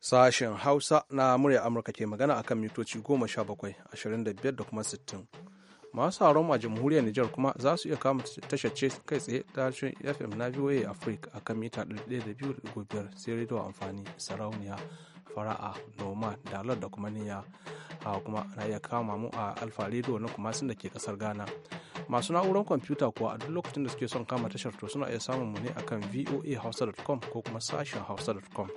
Sashen Hausa na murya Amurka ke magana akan mitoci goma sha bakwai ashirin da biyar da kuma sittin Masu sauran a jamhuriyar Nijar kuma za su iya kama tashar kai tsaye ta harshen FM na VOA Africa akan mita da 102.5 sai rediyo amfani sarauniya fara'a noma dalar da kuma niyya a kuma na iya kama mu a alfa radio na kuma sun da ke kasar ghana masu na'urar kwamfuta kuwa a duk lokacin da suke son kama tashar to suna iya samun mu ne akan voahausa.com ko kuma sashen hausa.com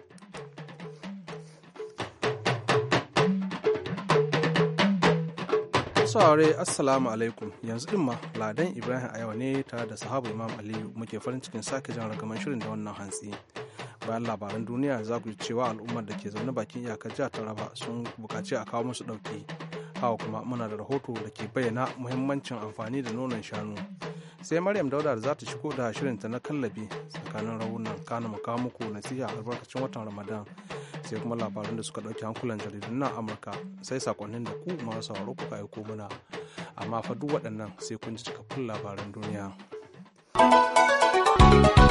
saurare assalamu alaikum yanzu din ma ladan ibrahim a ne tare da sahabu imam aliyu muke farin cikin sake jan ragaman shirin da wannan hantsi bayan labaran duniya za ku ji cewa al'ummar da ke zaune bakin iyakar jihar taraba sun buƙaci a kawo musu ɗauki hawa kuma muna da rahoto da ke bayyana muhimmancin amfani da nonon shanu sai maryam dauda za ta shigo da shirinta na kallabi tsakanin raunan kana mu kawo muku nasiha albarkacin watan ramadan sai kuma labaran da suka ɗauki hankulan jaridun na amurka sai sakonnin da ku masu sauraro kuka aiko muna amma fa duk waɗannan sai kun ji cikakkun labaran duniya. thank you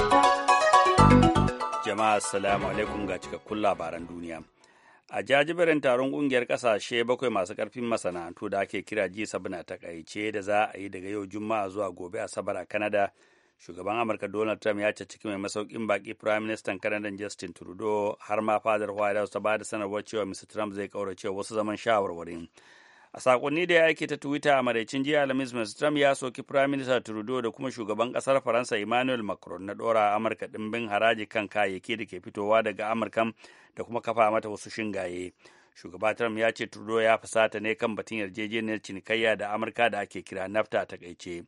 jama'a assalamu alaikum ga cikakkun labaran duniya a jajiberin taron kungiyar kasashe bakwai masu karfin masana'antu da ake kira G7 na takaice da za a yi daga yau juma'a zuwa gobe asabar a Canada shugaban amurka donald trump ya ciki mai masaukin baki prime minister canada justin trudeau har ma fadar white house ta ba da sanarwar cewa mr trump zai kaurace wasu zaman shawarwarin a sakonni da ya aike ta twitter a maraicin jiya alhamis mr trump ya soki prime minister trudeau da kuma shugaban kasar faransa emmanuel macron na dora amurka dimbin haraji kan kayayyaki da ke fitowa daga amurkan da kuma kafa mata wasu shingaye shugaba trump ya ce trudeau ya fusata ne kan batun yarjejeniyar cinikayya da amurka da ake kira nafta ta takaice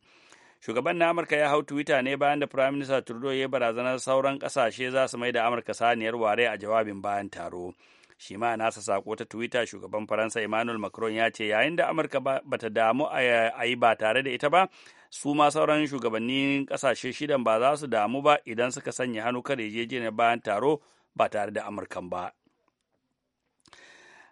shugaban na amurka ya hau twitter ne bayan da prime minister trudeau ya barazanar sauran kasashe za su mai da amurka saniyar ware a jawabin bayan taro shi ma nasa sako ta twitter shugaban faransa emmanuel macron ya ce yayin da amurka ba ta damu a yi ba tare da ita ba su ma sauran shugabannin kasashe shidan ba za su damu ba idan suka sanya hannu kan yarjejeniyar bayan taro ba tare da amurkan ba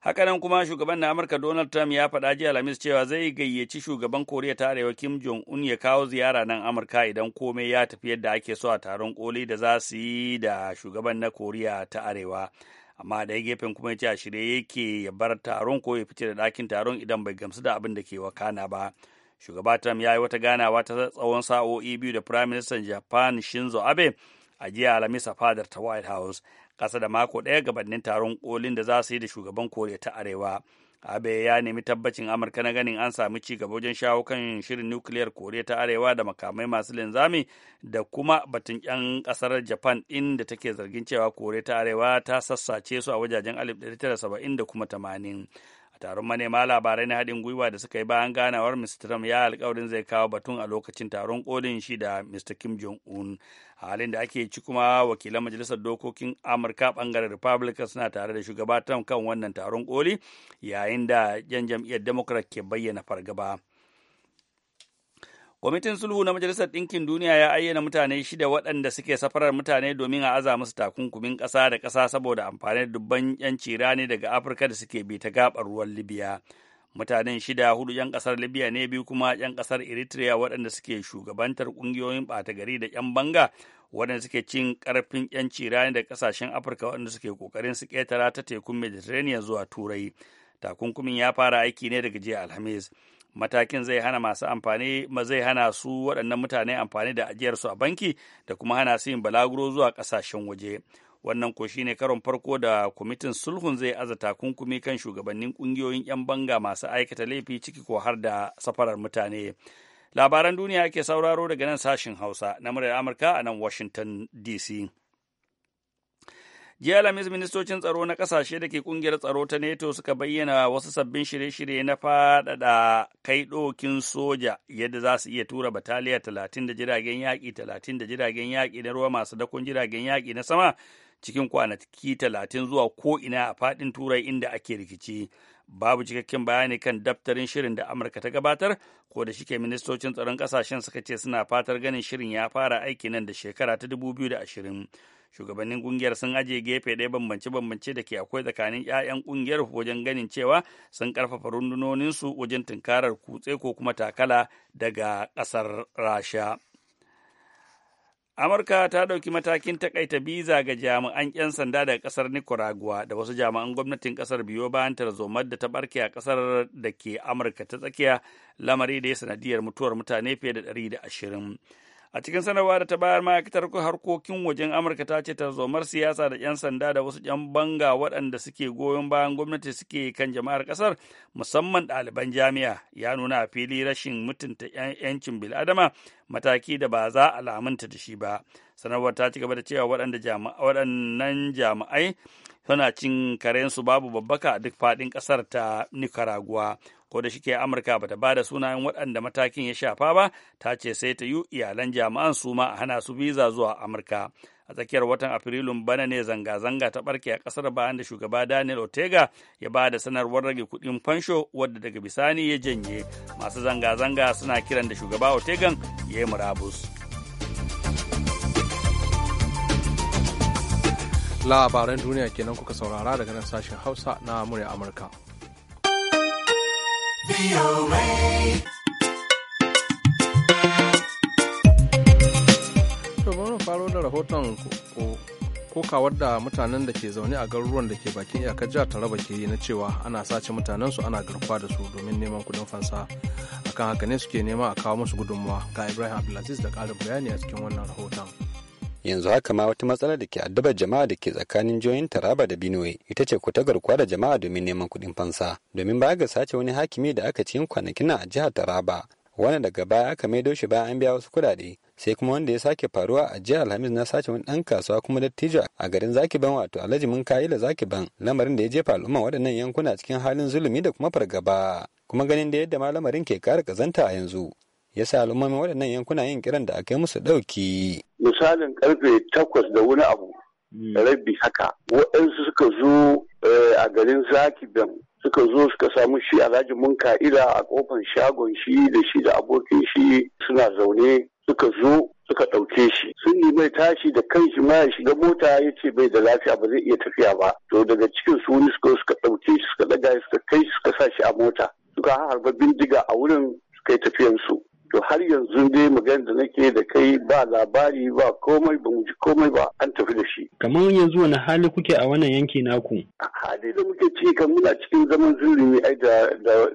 hakanan kuma shugaban na amurka donald trump ya faɗa jiya alhamis cewa zai gayyaci shugaban koriya ta arewa kim jong un ya kawo ziyara nan amurka idan komai ya tafi yadda ake so a taron koli da za su yi da shugaban na koriya ta arewa amma da gefen kuma ya ce a shirye yake ya bar taron ko ya fice da ɗakin taron idan bai gamsu da abin da ke wakana ba shugaba trump ya yi wata ganawa ta tsawon sa'o'i biyu da prime minister japan shinzo abe a jiya alamisa fadar ta white house ƙasa da mako ɗaya gabanin taron kolin da za su yi da shugaban koriya ta arewa abe ya nemi tabbacin amurka na ganin an sami ci gaba wajen shawo kan shirin nukiliyar koriya ta arewa da makamai masu linzami da kuma batun yan kasar japan inda da take zargin cewa koriya ta arewa ta sassace su a wajajen 1970 da kuma 80 taron manema labarai na haɗin gwiwa da suka yi bayan ganawar mr trump ya alkawarin zai kawo batun a lokacin taron kolin shi da mr kim jong un halin da ake ci kuma wakilan majalisar dokokin amurka bangaren republican suna tare da shugaba trump kan wannan taron koli yayin da yan jam'iyyar democrat ke bayyana fargaba Kwamitin sulhu na Majalisar Ɗinkin Duniya ya ayyana mutane shida waɗanda suke safarar mutane domin a aza musu takunkumin ƙasa da ƙasa saboda amfani da dubban 'yanci rani daga Afirka da suke bi ta gaɓar ruwan Libya. Mutanen shida hudu 'yan ƙasar Libya ne biyu kuma 'yan ƙasar Eritrea waɗanda suke shugabantar ƙungiyoyin ɓata gari da 'yan banga waɗanda suke cin ƙarfin 'yanci rani da ƙasashen Afirka waɗanda suke ƙoƙarin su ƙetara ta tekun Mediterranean zuwa Turai. Takunkumin ya fara aiki ne daga jiya Alhamis. matakin zai hana masu amfani zai hana su waɗannan mutane amfani da ajiyarsu a banki da kuma hana su yin balaguro zuwa ƙasashen waje wannan ko shine karon farko da kwamitin sulhun zai aza takunkumi kan shugabannin ƙungiyoyin 'yan banga masu aikata laifi ciki ko har da safarar mutane labaran duniya ake sauraro daga nan sashin hausa na muryar amurka a nan washington dc jiya alhamis ministocin tsaro na kasashe da ke kungiyar tsaro ta neto suka bayyana wasu sabbin shirye-shirye na faɗaɗa kai ɗokin soja yadda za su iya tura bataliya talatin da jiragen yaƙi talatin da jiragen yaƙi na ruwa masu dakon jiragen yaƙi na sama cikin kwanaki talatin zuwa ko ina a faɗin turai inda ake rikici babu cikakken bayani kan daftarin shirin da amurka ta gabatar ko da shike ministocin tsaron kasashen suka ce suna fatar ganin shirin ya fara aiki nan da shekara ta 2020 shugabannin kungiyar sun ajiye gefe ɗaya bambance-bambance da ke akwai tsakanin 'ya'yan kungiyar wajen ganin cewa sun karfafa rundunoninsu wajen tunkarar kutse ko kuma takala daga ƙasar rasha amurka ta ɗauki matakin takaita biza ga jami'an 'yan sanda daga ƙasar nicaragua da wasu jami'an gwamnatin ƙasar biyo bayan tarzomar da ta barke a ƙasar da ke amurka ta tsakiya lamari da ya sanadiyar mutuwar mutane fiye da 120 a cikin sanarwa da ta bayar ma'aikatar harkokin wajen amurka ta ce tarzomar siyasa da 'yan sanda da wasu 'yan banga waɗanda suke goyon bayan gwamnati suke kan jama'ar kasar musamman ɗaliban jami'a ya nuna a fili rashin mutunta 'yancin bil'adama mataki da ba za a lamunta da shi ba sanarwar ta ci gaba da cewa waɗannan jami'ai suna cin karensu babu babbaka a duk faɗin ƙasar ta nicaragua ko da shike amurka bata ba da sunayen waɗanda matakin ya shafa ba ta ce sai ta yi iyalan jami'an su ma a hana su biza zuwa amurka a tsakiyar watan afrilun bana ne zanga-zanga ta barke a kasar bayan da shugaba daniel ortega ya ba da sanarwar rage kudin fansho wadda daga bisani ya janye masu zanga-zanga suna kiran da shugaba ortegan ya yi murabus labaran duniya kenan kuka saurara daga nan sashen hausa na murya amurka To faro da rahoton kokawar da mutanen da ke zaune a garuruwan da ke bakin iyakar jihar taraba ke yi na cewa ana sace mutanensu ana garkuwa da su domin neman kudin fansa akan haka ne suke nema a kawo musu gudunmawa ga ibrahim abdulaziz da karin bayani a cikin wannan rahoton. yanzu haka ma wata matsalar da ke addabar jama'a da ke tsakanin jihohin taraba da benue ita ce kutagar garkuwa da jama'a domin neman kuɗin fansa domin baya ga sace wani hakimi da aka cikin kwanakin a jihar taraba wanda daga baya aka maido shi bayan an biya wasu kudade sai kuma wanda ya sake faruwa a jihar alhamis na sace wani ɗan kasuwa kuma dattijo a garin zaki ban wato alhaji mun zaki ban lamarin da ya jefa al'umma waɗannan yankuna cikin halin zulumi da kuma fargaba kuma ganin da yadda malamarin ke kara kazanta a yanzu ya sa al'ummomin waɗannan yankuna yin kiran da aka yi musu ɗauki. Misalin karfe takwas da wani abu hmm. rabi haka waɗansu suka zo eh, a garin zaki ben suka zo suka samu shi a alhaji mun ka'ida a kofar shagon shi da shi da abokin shi suna zaune suka zo suka ɗauke shi sun yi mai tashi da kan shi ma ya shiga mota ya ce bai da lafiya ba zai iya tafiya ba to daga cikin su wani suka suka ɗauke shi suka ɗaga suka kai shi suka sa shi a mota suka harba bindiga a wurin suka yi su. to har yanzu dai magana da nake da kai ba labari ba komai ba mu ji komai ba an tafi da shi kamar yanzu wani hali kuke a wannan yanki naku a hali da muke ciki kan muna cikin zaman zulumi ai da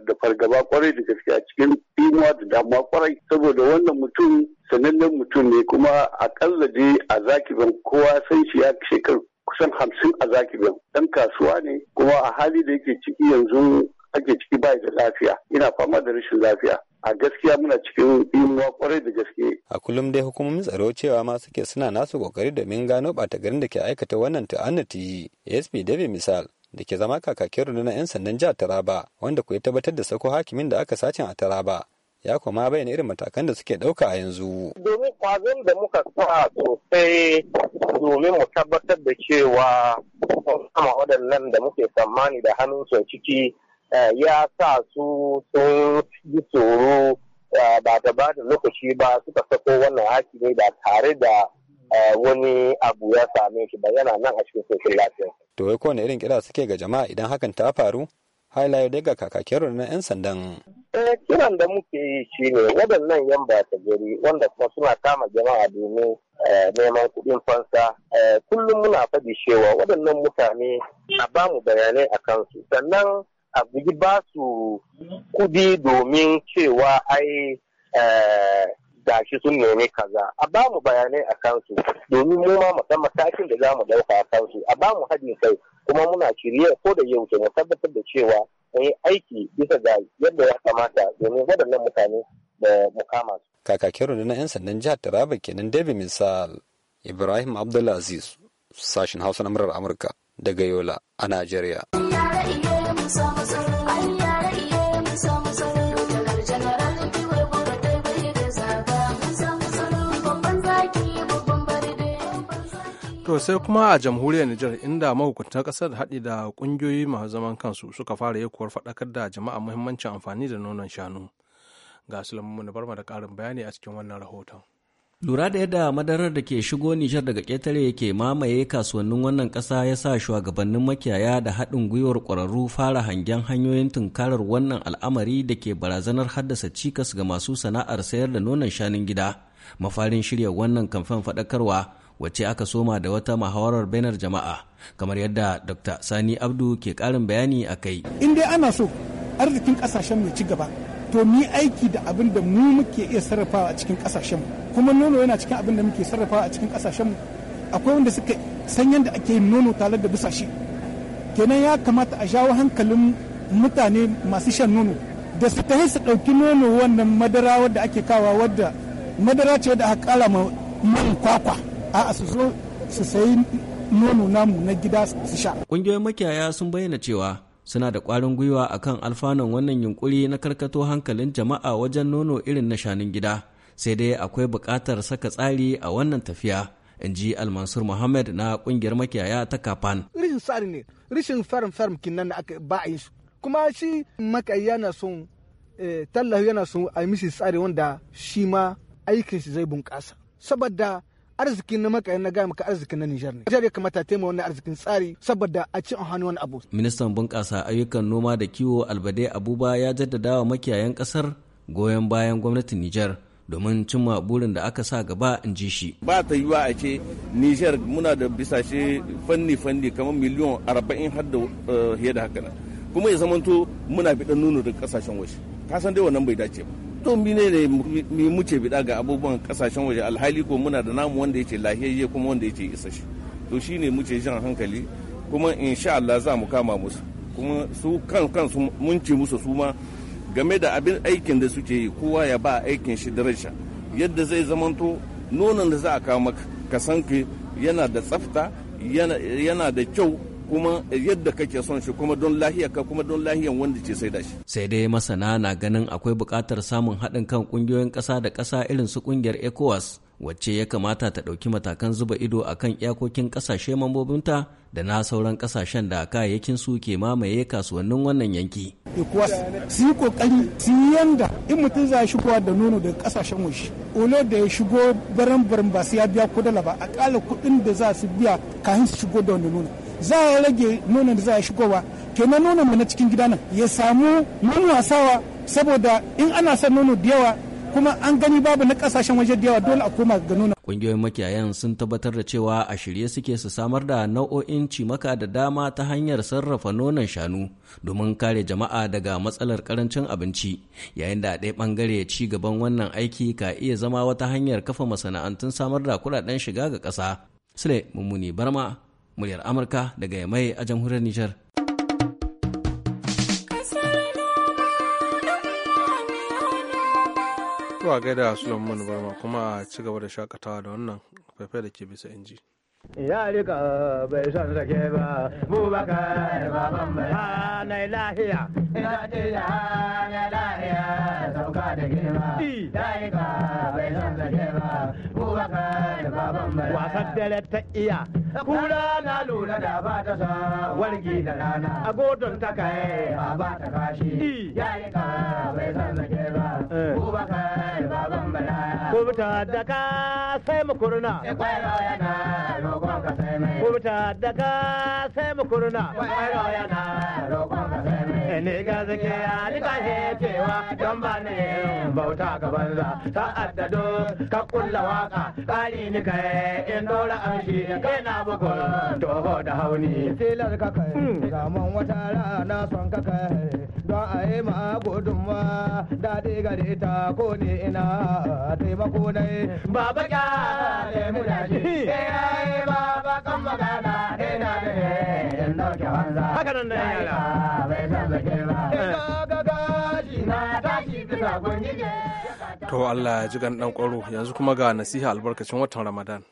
da fargaba kwarai da gaske a cikin imuwa da damuwa kwarai saboda wannan mutum sanannen mutum ne kuma a dai a zakiban kowa san shi ya shekaru kusan hamsin a zakiban dan kasuwa ne kuma a hali da yake ciki yanzu ake ciki bai da lafiya ina fama da rashin lafiya a gaskiya muna cikin imuwa kwarai da gaske. A kullum dai hukumomin tsaro cewa ma suke suna nasu kokari domin gano ɓata garin da ke aikata wannan ta'annati. ASP David misal da ke zama kakakin rundunar 'yan sandan jihar Taraba wanda ku ya tabbatar da sako hakimin da aka sacin a Taraba. Ya kuma bayyana irin matakan da suke ɗauka a yanzu. Domin kwazon da muka sa sosai domin mu tabbatar da cewa sun kama waɗannan da muke tsammani da hannun su ciki Eh, ya sa su sun yi tsoro eh, ba ta ba da lokaci ba suka sako wannan haki ne ba tare da eh, wani abu ya same shi ba yana nan a cikin sosai lafiya. To wai kowane irin kira suke ga jama'a idan hakan ta faru? Hailayo daga kakakin na 'yan sandan. kiran da muke yi shi ne waɗannan yan bata gari wanda kuma suna kama jama'a domin neman kuɗin fansa kullum muna faɗi cewa waɗannan mutane a ba mu bayanai a kansu sannan a guji ba su kudi domin cewa ai eh, gashi sun nemi kaza a ba mu bayanai a kansu domin mu ma san matakin da za mu ɗauka a kansu a ba mu haɗin kai kuma muna shirye ko da yaushe mu tabbatar da cewa mu yi aiki bisa ga yadda ya kamata domin waɗannan mutane da mukama su. Kakakin rundunar 'yan sandan jihar Taraba kenan David Misal Ibrahim Abdulaziz sashen Hausa na murar Amurka daga Yola a Najeriya. sai kuma a jamhuriyar Nijar inda mahukuntan kasar haɗi da ƙungiyoyi masu zaman kansu suka fara yakuwar faɗakar da jama'a muhimmancin amfani da nonon shanu. Ga Sulaiman Barma da ƙarin bayani a cikin wannan rahoton. Lura da yadda madarar da ke shigo Nijar daga ƙetare ke mamaye kasuwannin wannan ƙasa ya sa shugabannin makiyaya da haɗin gwiwar ƙwararru fara hangen hanyoyin tunkarar wannan al'amari da ke barazanar haddasa cikas ga masu sana'ar sayar da nonon shanun gida. Mafarin shirya wannan kamfen faɗakarwa wacce aka soma da wata muhawarar bainar jama'a kamar yadda Dr. Sani Abdu ke ƙarin bayani a kai. In dai ana so arzikin ƙasashen mai ci gaba to ni aiki da abin da mu muke iya sarrafawa a cikin ƙasashenmu. kuma nono yana cikin abin da muke sarrafa a cikin kasashenmu akwai wanda suka san yadda ake yin nono tare da busashe kenan ya kamata a shawo hankalin mutane masu shan nono da su tahi su ɗauki nono wannan madara wadda ake kawa wadda madara ce da aka kala ma man kwakwa a su zo su sayi nono namu na gida su sha ƙungiyoyin makiyaya sun bayyana cewa suna da ƙwarin gwiwa akan alfanun wannan yunkuri na karkato hankalin jama'a wajen nono irin na shanun gida sai dai akwai buƙatar saka tsari a wannan tafiya in ji almansur muhammad na ƙungiyar makiyaya ta kafan rishin tsari ne rishin farm farm kinan aka ba a yi su kuma shi makai yana son eh, tallafi yana son a mishi tsari wanda shi ma aikin shi zai bunƙasa saboda arziki na makayin na gaya maka arziki na Nijar ne. Nijar ya kamata taima wannan arzikin tsari saboda a ci hannu wani abu. Ministan bunƙasa ayyukan noma da kiwo Albade Abuba ya jaddada wa makiyayan ƙasar goyon bayan gwamnatin Nijar domin cimma burin da aka sa gaba in ji shi. Ba ta yiwa a ce Nijar muna da bisashe fanni-fanni kamar miliyan arba'in har da eh, fiye da haka kuma ya zamanto muna biɗa nuna da kasashen waje. Ka san dai wannan bai dace ba. To mine ne mi muce biɗa ga abubuwan kasashen waje alhali ko muna da namu wanda yake lahiyayye kuma wanda yake shi. To shine muke jan hankali kuma insha Allah za mu kama musu. kuma su kan kansu mun ce musu su ma game da abin aikin da suke yi kowa ya ba aikin shi da rasha yadda zai zamanto nonon da za a kawo maka ka san yana da tsafta yana da kyau kuma yadda kake son shi kuma don lahiyar ka kuma don lahiyar wanda ce sai da shi. Sai dai masana na ganin akwai bukatar samun haɗin kan ƙungiyoyin ƙasa da ƙasa irin su ƙungiyar ECOWAS wacce ya kamata ta ɗauki matakan zuba ido a kan iyakokin ƙasashe mambobinta da na sauran ƙasashen da kayayyakin su ke mamaye kasuwannin wannan yanki. su yi kokari su yi yanda in mutum za shigowa da nono daga ƙasashen waje. Olo da ya shigo baran baran ba su ya biya kudala ba akala kuɗin da za su biya kafin su shigo da wani nono. Za a rage nonon da za a shigowa kenan nonon mu na cikin gida nan ya samu nono wasawa saboda in ana son nono da yawa kuma an gani babu na kasashen waje da yawa dole a koma ga nuna kungiyoyin makiyayan sun tabbatar da cewa a shirye suke su samar da nau'o'in cimaka da dama ta hanyar sarrafa nonon shanu domin kare jama'a daga matsalar karancin abinci yayin da a ɗaya bangare ci gaban wannan aiki ka iya zama wata hanyar kafa masana'antun samar da kuɗaɗen shiga ga ƙasa sule mummuni barma muryar amurka daga yamai a jamhuriyar nijar To a gaida Sulaiman Barma kuma a ci gaba da shakatawa da wannan faifai da ke bisa inji. Ya rika bai son sake ba, mu ba ba baban bai. Ha na lahiya. Ina ce ya ha na lahiya, sauka da girma. Ya rika bai son sake ba, mu ba ba baban bai. Wasan dare ta iya, kula na lura da ba ta sa wargi da rana a godon ta kai ba ba ta kashi ya yi bai san sake ba eh. mu ba ka Kubuta da sai mu kurna. Kubuta da sai mu kurna. Eh, ni ga zake ya ni ka cewa don ba ni bauta ga banza. Sa'adda do ka kulla waka ƙari ni kai in dora amshi kai na bugun toho da hauni. Tilar ka kai, hmm. zaman wata rana son ka kai. don a yi ma gudunma daɗi gare ta ko ne ina taimako na ne. Baba da ne muna ji, eh baba kan magana ne na da ne, in dauke wanza. Haka nan da yara. Bai san zake ba. Eh. Ina gaga shi na tashi bisa gungije. To Allah ya ji gan ɗan ƙwaro yanzu kuma ga nasiha albarkacin watan Ramadan.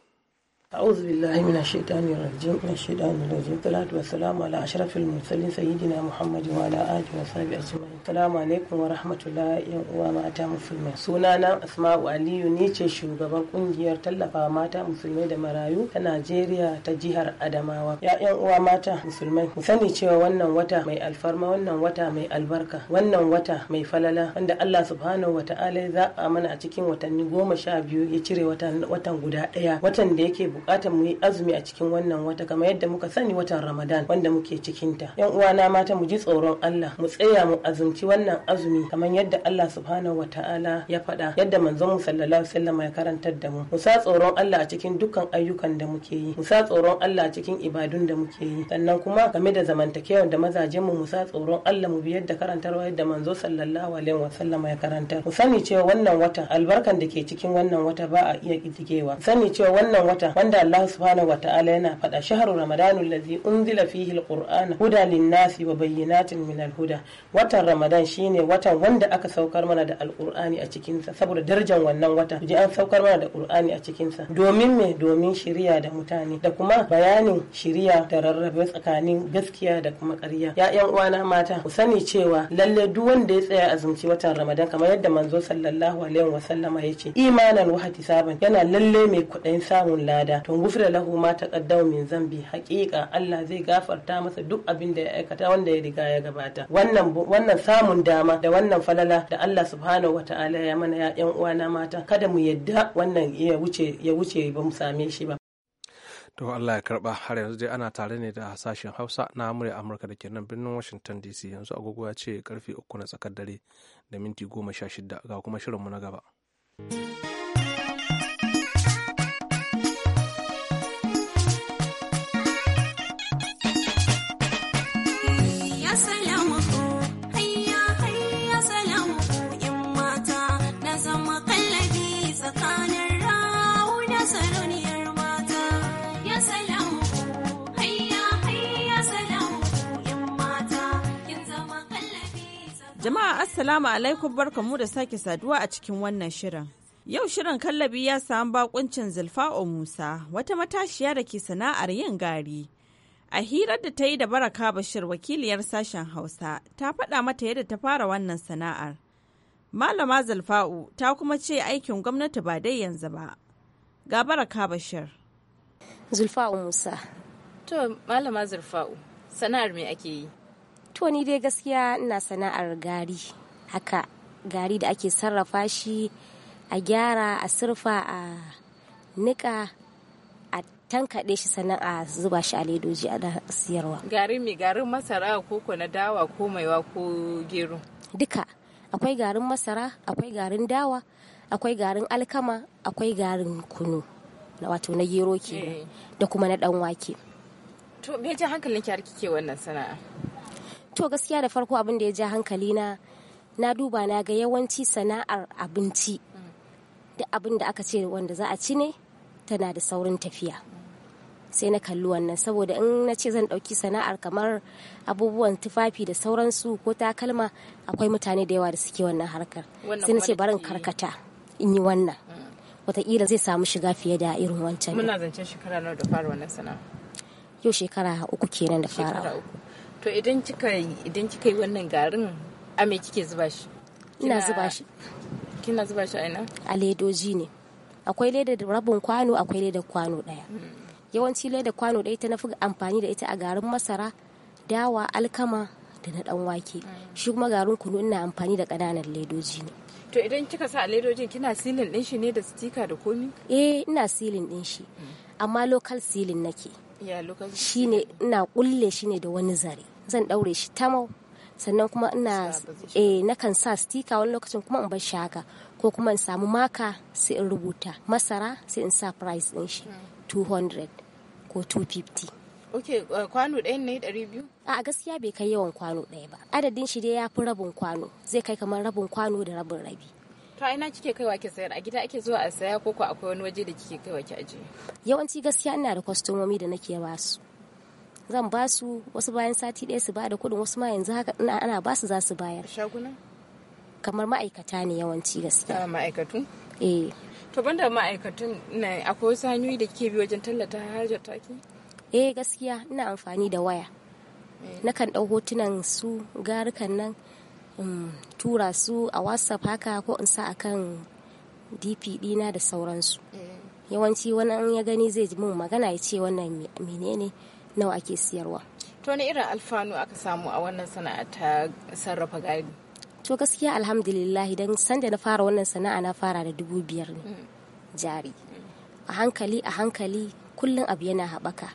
أعوذ بالله من الشيطان الرجيم من الشيطان الرجيم الصلاة والسلام على أشرف المرسلين سيدنا محمد وعلى آله وصحبه أجمعين السلام عليكم ورحمة الله وماتا مسلمين سنانا أسماء علي نيتشي shugaban kungiyar tallafa mata musulmai da marayu ta Najeriya ta jihar Adamawa Ya'yan uwa mata musulmai ku sani cewa wannan wata mai alfarma wannan wata mai albarka wannan wata mai falala wanda Allah subhanahu wataala ya zaɓa mana a cikin watanni goma sha biyu ya cire watan guda ɗaya watan da yake bukatar mu yi azumi a cikin wannan wata kamar yadda muka sani watan Ramadan wanda muke cikin ta. Yan uwana mata mu ji tsoron Allah mu tsaya mu azumci wannan azumi kamar yadda Allah subhanahu wataala ya faɗa yadda manzon mu sallallahu alaihi wasallam ya karantar da mu. Mu sa tsoron Allah a cikin dukkan ayyukan da muke yi. Mu sa tsoron Allah a cikin ibadun da muke yi. Sannan kuma game da zamantakewar da mazajen mu mu sa tsoron Allah mu bi yadda karantarwa yadda manzo sallallahu alaihi wasallam ya karantar. Mu sani cewa wannan wata albarkan da ke cikin wannan wata ba a iya kitigewa. Sani cewa wannan wata wanda Allah subhanahu wata'ala yana faɗa shaharu ramadanu lazi unzila fihi alqur'ana huda linnasi wa bayyinatin min alhuda watan ramadan shine watan wanda aka saukar mana da alqur'ani a cikin sa saboda darajar wannan wata je an saukar mana da qur'ani a cikin sa domin me domin shiriya da mutane da kuma bayanin shiriya da rarrabe tsakanin gaskiya da kuma ƙarya ya yan uwana mata ku sani cewa lalle duk wanda ya tsaya azumci watan ramadan kamar yadda manzo sallallahu alaihi wa sallama yace imanan wahati saban yana lalle mai kuɗin samun lada tun to gufira lahu ma taqaddama min zambi hakika Allah zai gafarta masa duk abin da ya aikata wanda ya riga ya gabata wannan wannan samun dama da wannan falala da Allah subhanahu wataala ya mana ya yan uwana mata kada mu yadda wannan ya wuce ya wuce ba mu same shi ba to Allah ya karba har yanzu dai ana tare ne da sashen Hausa na murya Amurka da ke nan birnin Washington DC yanzu agogo ya ce karfe uku na tsakar dare da minti goma ga kuma shirin mu na gaba. Jama'a Assalamu alaikum mu da sake saduwa a cikin wannan shirin. Yau shirin kallabi ya samu bakuncin Zulfa'o Musa wata matashiya da ke sana'ar yin gari. A hirar da ta yi da Baraka Bashir wakiliyar sashen Hausa ta faɗa mata yadda ta fara wannan sana'ar. Malama Zulfa'u ta kuma ce aikin gwamnati ba dai yanzu ba. Ga Baraka Bashir. Zulfa'u Musa. To Malama Zulfa'u sana'ar me ake yi? To ni dai gaskiya ina sana'ar gari haka gari da ake sarrafa shi a gyara a surfa a nika a tankaɗe shi sannan a zuba shi a ledoji a siyarwa. Garin mai garin masara ko na dawa ko maiwa ko gero? Duka akwai garin masara akwai garin dawa akwai garin alkama akwai garin kunu wato na gero ke eh. da kuma na ɗan wake. To me ji hankalin ki har kike wannan sana'a? to gaskiya da farko abin da ya ja hankali na na duba na ga yawanci sana'ar abinci duk abin da aka ce wanda za a ci ne tana da saurin tafiya sai na kalli wannan saboda in na ce zan ɗauki sana'ar kamar abubuwan tufafi da sauransu ko takalma akwai mutane da yawa da suke wannan harkar sai na ce barin karkata in yi wannan mm. wataƙila zai samu shiga fiye da irin wancan muna zancen shekara nawa da fara wannan sana'a yau shekara uku kenan da farawa To idan kika idan kika yi wannan garin a me kike zuba shi? Ina zuba shi. Kina zuba shi a ina? A ledoji ne. Akwai leda da rabin kwano akwai leda kwano daya. Hmm. Yawanci leda kwano daya ita na fi amfani da ita a garin masara, dawa, alkama da na dan wake. Hmm. Shi kuma garin kunu ina amfani da ƙananan ledoji ne. To idan kika sa a ledojin kina silin din shi ne da sitika da komi? Eh ina silin din shi. Hmm. Amma local silin nake. Ya local. Shine ina kulle shi ne da wani zare. zan ɗaure shi tamau sannan kuma ina eh, na kan sa stika wani lokacin kuma in bar shi haka ko kuma in samu maka sai in rubuta masara sai in sa price din shi 200 hmm. ko 250 ok eh, kwano ɗaya ne ɗari biyu a gaskiya bai kai yawan kwano ɗaya ba adadin shi dai ya fi rabin kwano zai kai kamar rabin kwano da rabin rabi to a ina kike kaiwa ki sayar a gida ake zuwa a saya ko akwai wani waje da kike kaiwa ki ajiye yawanci gaskiya ina da kwastomomi da nake ba su zan ba su wasu bayan sati ɗaya su bada kudin wasu ma yanzu haka ina ana ba su za su bayar shaguna kamar ma'aikata ne yawanci gaskiya ah, ma'aikatu eh to banda ma'aikatun na akwai wasu hanyoyi da ke bi wajen tallata harjar taki eh gaskiya ina amfani da waya eh. nakan dau hotunan su garukan nan tura su a whatsapp haka ko in sa akan dp dina da sauransu eh. yawanci wani ya gani zai ji mun magana ya ce wannan menene nawa ake siyarwa to wani irin alfanu aka samu a wannan sana'a ta sarrafa gari to gaskiya alhamdulillah idan sanda na fara wannan sana'a na fara da dubu biyar ne mm. jari mm. a hankali a hankali kullum abu yana haɓaka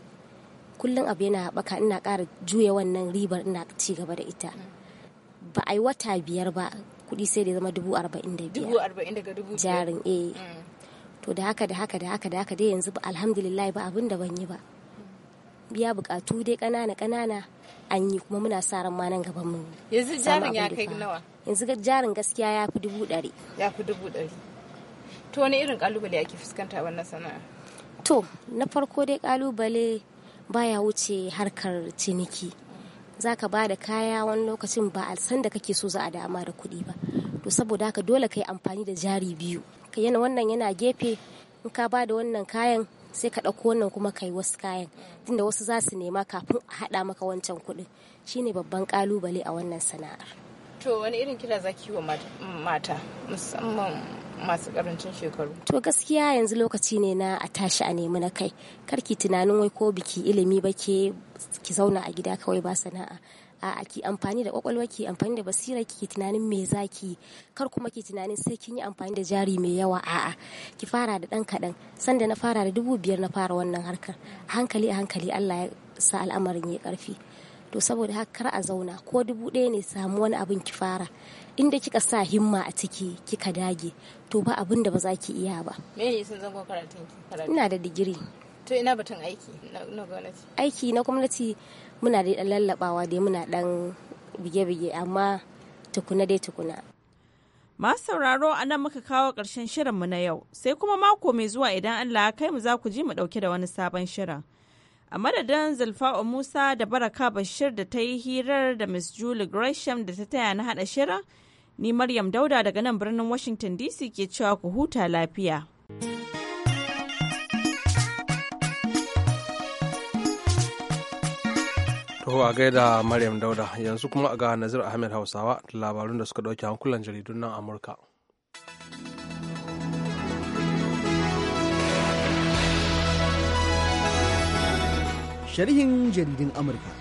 kullum abu yana haɓaka ina ƙara juya wannan ribar ina ci gaba da ita mm. ba a yi wata biyar ba kuɗi sai da zama dubu arba'in da biyar dubu arba'in daga dubu jarin eh to da haka da haka da haka da haka dai yanzu alhamdulillah ba abin da ban yi ba biya bukatu dai kanana kanana an yi kuma muna sa ran ma nan gaban mu yanzu jarin ya kai nawa yanzu jarin gaskiya ya fi dubu ɗari ya fi dubu ɗari to wani irin kalubale ake fuskanta wannan sana'a to na farko dai kalubale baya wuce harkar ciniki za ka ba da kaya wani lokacin ba a san da kake so za a dama da kuɗi ba to saboda haka dole ka yi amfani da jari biyu yana wannan yana gefe in ka ba da wannan kayan sai ka ɗauko wannan kuma ka yi wasu kayan tunda wasu za su nema kafin a haɗa maka wancan kuɗin shine babban ƙalubale a wannan sana'ar. to wani irin kira za ki wa mata musamman masu karancin shekaru. To gaskiya yanzu lokaci ne na a tashi a nemi na kai. Karki tunanin wai ko biki ilimi ba ke ki zauna a gida kawai ba sana'a. a'a ki amfani da kwakwalwa ki amfani da basira ki tunanin me zaki kar kuma ki tunanin sai kin yi amfani da jari mai yawa a'a ki fara da dan kadan sanda na fara da dubu biyar na fara wannan harkar hankali a hankali Allah ya sa al'amarin ya karfi to saboda haka kar a zauna ko dubu ɗaya ne samu wani abin ki fara inda kika sa himma a ciki kika dage to ba abin da ba za ki iya ba me sun zango karatun ki ina da digiri to ina batun aiki na gwamnati aiki na gwamnati muna da ɗan lallabawa dai muna ɗan bige-bige amma tukuna dai tukuna Masu sauraro a nan muka kawo ƙarshen mu na yau, sai kuma mako mai zuwa idan Allah kai mu za ku ji mu ɗauke da wani sabon shirin. A madadin Zulfa'u Musa da Baraka Bashir da ta yi hirar da Miss Julie Gresham da ta taya na haɗa shirin, ni Maryam Dauda daga nan birnin Washington DC ke cewa ku huta lafiya. Ko a gaida Maryam Dauda yanzu kuma ga Nazir Ahmed Hausawa da labarun da suka ɗauki hankulan jaridun nan Amurka. Sharhin jaridun Amurka.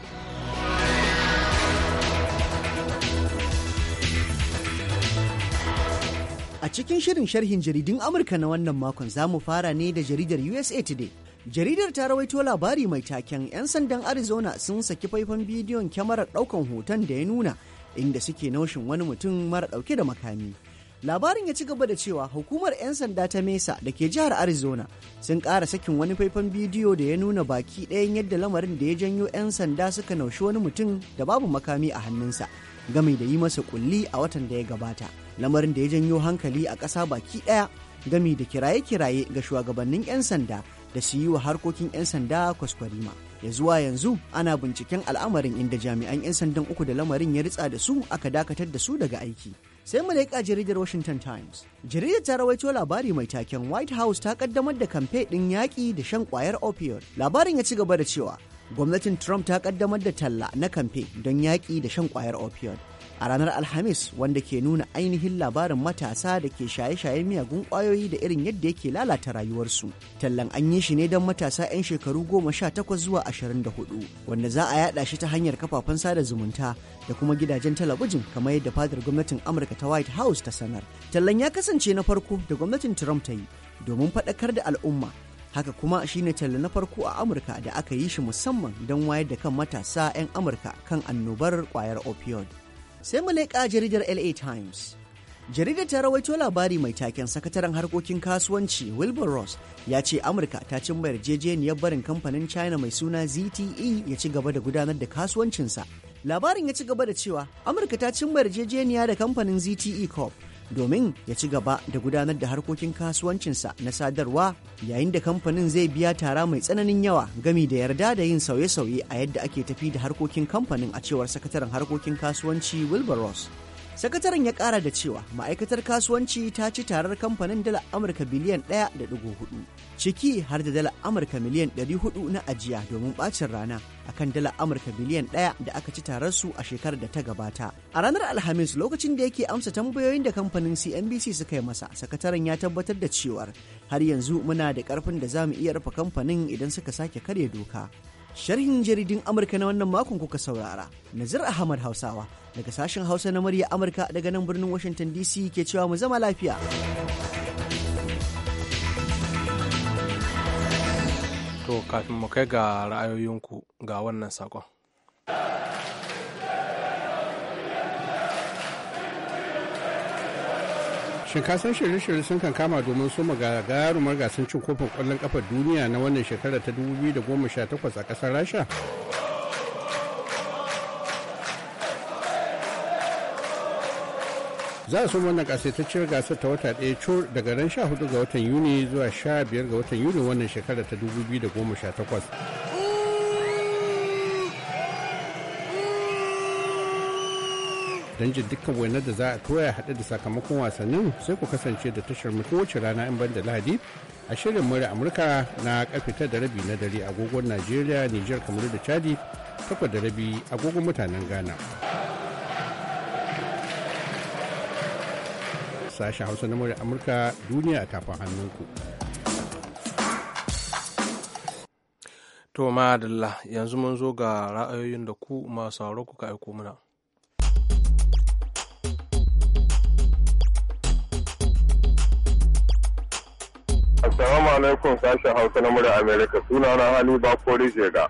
A cikin shirin sharhin jaridun Amurka na wannan makon za mu fara ne da jaridar USA Today. Jaridar ta rawaito labari mai taken 'yan sandan Arizona sun saki faifan bidiyon kyamarar ɗaukan hoton da ya nuna inda suke naushin wani mutum mara ɗauke da makami. Labarin ya ci gaba da cewa hukumar 'yan sanda ta Mesa da ke jihar Arizona sun ƙara sakin wani faifan bidiyo da ya nuna baki ɗayan yadda lamarin da ya janyo 'yan sanda suka naushi wani mutum da babu makami a hannunsa game da yi masa kulli a watan da ya gabata. Lamarin da ya janyo hankali a ƙasa baki ɗaya gami da kiraye-kiraye ga shugabannin 'yan sanda da su yi wa harkokin 'yan sanda kwaskwarima. ya zuwa yanzu ana binciken al'amarin inda jami'an 'yan sandan uku da lamarin ya ritsa da su aka dakatar da su daga aiki sai mu leƙa jaridar washington times jaridar ta rawaito labari mai taken white house ta kaddamar da kamfe ɗin yaƙi da shan ƙwayar opioid labarin ya ci gaba da cewa gwamnatin trump ta kaddamar da talla na kamfe don yaƙi da shan ƙwayar opioid a ranar alhamis wanda ke nuna ainihin labarin matasa da ke shaye-shayen miyagun kwayoyi da irin yadda yake lalata rayuwarsu tallan an yi shi ne don matasa 'yan shekaru goma sha takwas zuwa ashirin da hudu, wanda za a yada shi ta hanyar kafafen sada zumunta da kuma gidajen talabijin kamar yadda fadar gwamnatin amurka ta white house ta sanar tallan ya kasance na farko da gwamnatin trump ta yi domin faɗakar da al'umma haka kuma shine talla na farko a amurka da aka yi shi musamman don wayar da kan matasa 'yan amurka kan annobar kwayar opioid sai mu leƙa jaridar LA Times. Jaridar ta rawaito labari mai taken sakataren harkokin kasuwanci Wilbur Ross ya ce Amurka ta cimma yarjejeniyar barin kamfanin China mai suna ZTE ya ci gaba da gudanar da kasuwancinsa. Labarin ya ci gaba da cewa Amurka ta cimma yarjejeniya da kamfanin ZTE Corp domin ya ci gaba da gudanar da harkokin kasuwancinsa na sadarwa yayin da kamfanin zai biya tara mai tsananin yawa gami da yarda da yin sauye-sauye a yadda ake tafi da harkokin kamfanin a cewar sakataren harkokin kasuwanci wilbur ross sakataren ya kara da cewa ma'aikatar kasuwanci ta ci tarar kamfanin dala amurka biliyan ɗaya da hudu. ciki har da dala amurka miliyan ɗari 400 na ajiya domin bacin rana akan dala amurka biliyan ɗaya da aka ci tarar su a shekarar da ta gabata a ranar alhamis lokacin da yake amsa tambayoyin da kamfanin cnbc suka yi masa sakataren ya tabbatar da cewar har yanzu muna da karfin da za mu iya rufe kamfanin idan suka sake karya doka Sharhin jaridin Amurka na wannan makon kuka saurara, Nazir Ahmad Hausawa daga sashen Hausa na murya Amurka daga nan birnin Washington DC ke cewa mu zama lafiya. To kafin mu kai ga ra'ayoyinku ga wannan sakon. shin ka san shirye-shirye sun kan kama domin su ga gagarumar gasar cin kofin kwallon kafar duniya na wannan shekara ta 2018 a kasar rasha za su wannan kasaitacciyar gasar ta wata ɗaya cur daga ran 14 ga watan yuni zuwa 15 ga watan yuni wannan shekara ta 2018 don jin dukkan wainar da za a toya haɗe da sakamakon wasannin sai ku kasance da tashar mu kowace rana in ban da lahadi a shirin mura amurka na karfe da rabi na dare agogon najeriya niger kamar da chadi takwas da rabi agogon mutanen ghana sashen hausa na murya amurka duniya a tafin hannunku to madalla yanzu mun zo ga ra'ayoyin da ku masu sauro kuka aiko mana Salamu alaikum sashen Hausa na murya Amerika na Hali Bakori Jega.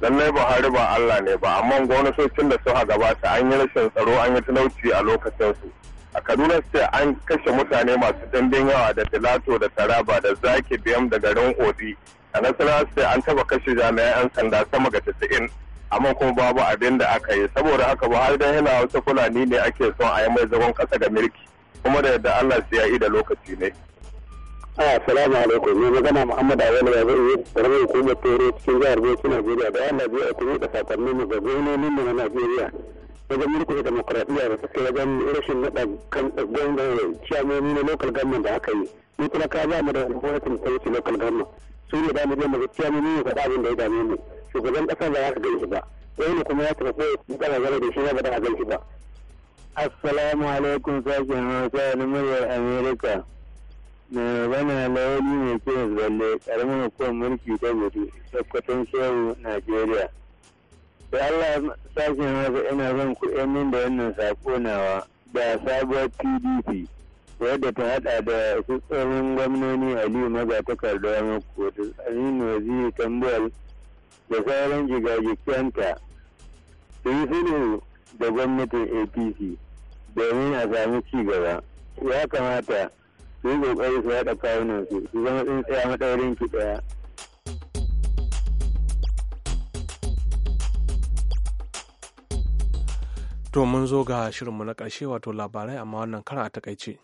Lallai Buhari ba Allah ne ba amma gwamnatocin da suka gabata an yi rashin tsaro an yi talauci a lokacinsu. A Kaduna State an kashe mutane masu dindin yawa da Filato da Taraba da Zaki Biyam da garin Odi. A Nasarawa State an taba kashe jami'an 'yan sanda sama ga 90 amma kuma babu abin da aka yi saboda haka ba har dan yana wasu Fulani ne ake son a yi mai zagon kasa da mulki kuma da yadda Allah su ya yi da lokaci ne. Assalamu alaikum ne magana Muhammad Awal ya zai yi karamar hukumar cikin jihar Bauchi Najeriya da yana biya a kuma da sakonnin mu ga gwamnonin na Najeriya wajen mulkin demokradiyya da suke wajen rashin naɗa kan ciyamomi na local government da aka yi ni kuma ka ba mu da gwamnatin policy local government su ne mu je mu ga ciyamomi ne faɗa abin da ya dame mu shugaban ƙasar ba ya ka ba wani kuma ya tafi ya tsara gara da shi ba da a ganshi ba. Assalamu alaikum sashen Hausa na muryar Amerika. mai bana lawali mai kiran zalle karamin hukumar mulki ta gudu tabbatan shehu najeriya da allah sashen masa ina zan kuɗin min da wannan sako nawa da sabuwar pdp wadda ta hada da su tsohon gwamnoni aliyu maza takardawa makotu aminu waziri tambal da sauran gigagikiyanta su yi sulhu da gwamnatin apc domin a samu ci gaba ya kamata su yi kokari su yaɗa kawunan su su zama tsintsiya matsayin ki ɗaya. To mun zo ga shirinmu na ƙarshe wato labarai amma wannan kara a takaice.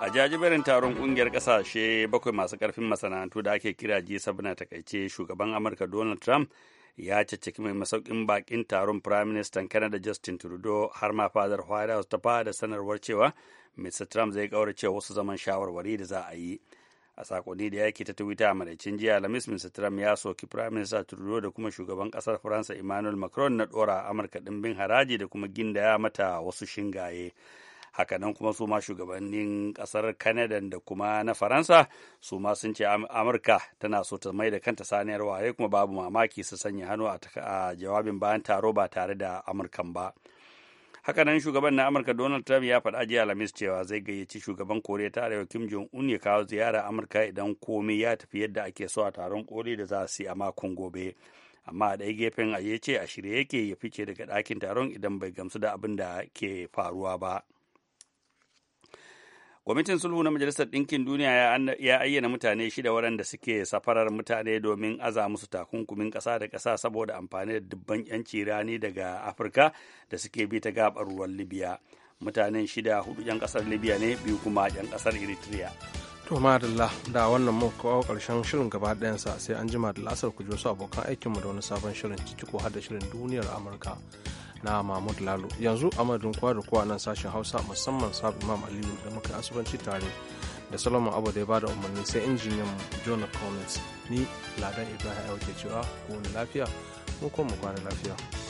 A jajiberin taron ƙungiyar ƙasashe bakwai masu ƙarfin masana'antu da ake kira G7 na takaice shugaban Amurka Donald Trump ya caccaki mai masaukin bakin taron firaministan Canada Justin Trudeau har ma fadar White House ta fada sanarwar cewa Mr. Trump zai kaurace wasu zaman shawarwari da za a yi. A sakonni da yake ta Twitter a madaicin jiya lamis Mr. Trump ya soki firaminista Trudeau da kuma shugaban kasar Faransa Emmanuel Macron na dora Amurka dimbin haraji da kuma gindaya mata wasu shingaye. hakanan kuma su ma shugabannin kasar kanadan da kuma na faransa su ma sun ce amurka tana so ta mai da kanta saniyar waye kuma babu mamaki su sanya hannu a jawabin bayan taro ba tare da amurkan ba hakanan shugaban na amurka donald trump ya faɗa jiya alhamis cewa zai gayyaci shugaban koriya ta arewa kim jong un ya kawo ziyara amurka idan komai ya tafi yadda ake so a taron koli da za su yi a makon gobe amma a ɗaya gefen a ce a shirye yake ya fice daga ɗakin taron idan bai gamsu da abin da ke faruwa ba. Kwamitin sulhu na Majalisar Ɗinkin Duniya ya ayyana mutane shida waɗanda suke safarar mutane domin aza musu takunkumin ƙasa da ƙasa saboda amfani da dubban 'yanci rani daga Afirka da suke bi ta gabar ruwan Libya. Mutanen shida hudu 'yan ƙasar Libya ne biyu kuma 'yan ƙasar Eritrea. To madalla da wannan mu kawo ƙarshen shirin gaba ɗayansa sai an jima da lasar ku ji wasu abokan aikinmu da wani sabon shirin ciki ko har da shirin duniyar Amurka. na mahmud lalo yanzu a madadin kwa da kowa nan sashen hausa musamman sabu imam aliyu da muka asubanci tare da solomon abu da ya bada umarni sai injiniyan jona collins ni ladan ibrahim ke cewa ku lafiya mu kuma mu kwana lafiya